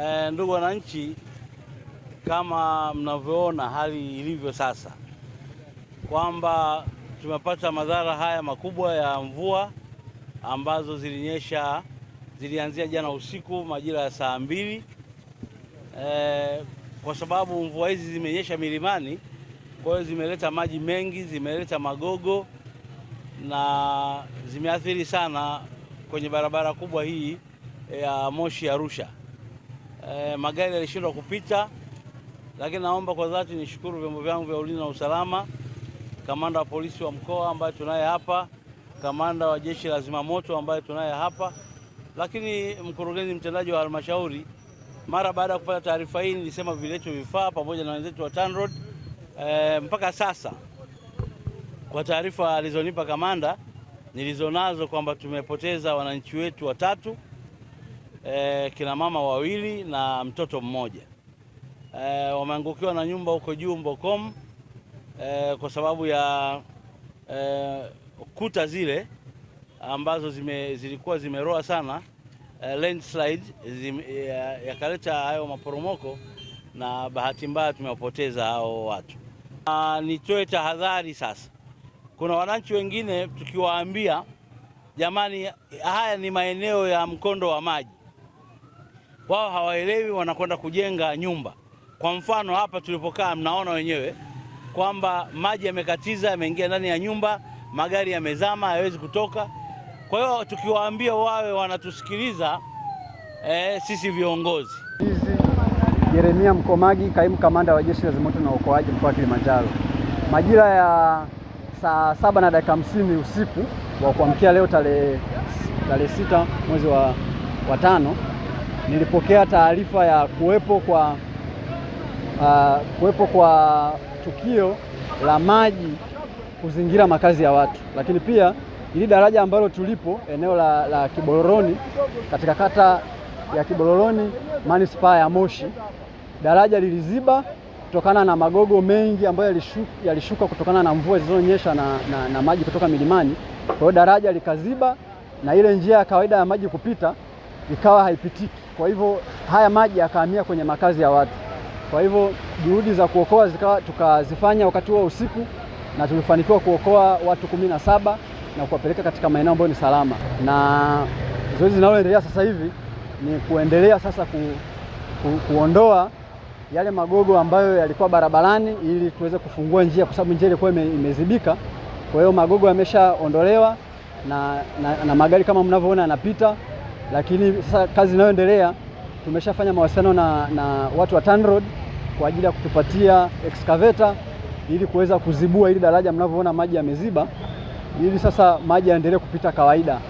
Eh, ndugu wananchi, kama mnavyoona hali ilivyo sasa kwamba tumepata madhara haya makubwa ya mvua ambazo zilinyesha zilianzia jana usiku majira ya saa mbili. Eh, kwa sababu mvua hizi zimenyesha milimani, kwa hiyo zimeleta maji mengi, zimeleta magogo na zimeathiri sana kwenye barabara kubwa hii ya Moshi Arusha eh, magari yalishindwa kupita, lakini naomba kwa dhati nishukuru vyombo vyangu vya ulinzi na usalama, kamanda wa polisi wa mkoa ambaye tunaye hapa, kamanda wa jeshi la zimamoto ambaye tunaye hapa, lakini mkurugenzi mtendaji wa halmashauri. Mara baada ya kupata taarifa hii nilisema viletu vifaa pamoja na wenzetu wa TANROADS. Eh, mpaka sasa kwa taarifa alizonipa kamanda nilizonazo kwamba tumepoteza wananchi wetu watatu e, kina mama wawili na mtoto mmoja e, wameangukiwa na nyumba huko juu Mbokom e, kwa sababu ya e, kuta zile ambazo zime, zilikuwa zimeroa sana e, landslide zime, yakaleta hayo maporomoko na bahati mbaya tumewapoteza hao watu. Nitoe tahadhari sasa. Kuna wananchi wengine tukiwaambia, jamani, haya ni maeneo ya mkondo wa maji wao hawaelewi, wanakwenda kujenga nyumba. Kwa mfano hapa tulipokaa, mnaona wenyewe kwamba maji yamekatiza, yameingia ndani ya nyumba, magari yamezama, hayawezi kutoka. Kwa hiyo tukiwaambia wawe wanatusikiliza eh, sisi viongozi. Yeremia Mkomagi, kaimu kamanda wa jeshi la zimamoto na uokoaji mkoa wa Kilimanjaro. Majira ya saa saba na dakika hamsini usiku wa kuamkia leo tarehe sita mwezi wa, wa tano nilipokea taarifa ya kuwepo kwa uh, kuwepo kwa tukio la maji kuzingira makazi ya watu, lakini pia ili daraja ambalo tulipo eneo la, la Kibororoni katika kata ya Kibororoni manispaa ya Moshi, daraja liliziba kutokana na magogo mengi ambayo yalishuka, yalishuka kutokana na mvua zilizonyesha na, na, na maji kutoka milimani. Kwa hiyo daraja likaziba na ile njia ya kawaida ya maji kupita ikawa haipitiki. Kwa hivyo haya maji yakahamia kwenye makazi ya watu. Kwa hivyo juhudi za kuokoa zikawa tukazifanya wakati huo usiku, na tulifanikiwa kuokoa watu kumi na saba na kuwapeleka katika maeneo ambayo ni salama, na zoezi linaloendelea sasa hivi ni kuendelea sasa ku, ku, kuondoa yale magogo ambayo yalikuwa barabarani ili tuweze kufungua njia, kwa sababu njia ilikuwa imezibika. Kwa hiyo magogo yameshaondolewa na, na, na magari kama mnavyoona yanapita. Lakini sasa kazi inayoendelea tumeshafanya mawasiliano na, na watu wa TANROADS kwa ajili ya kutupatia excavator ili kuweza kuzibua ili daraja mnavyoona maji yameziba, ili sasa maji yaendelee kupita kawaida.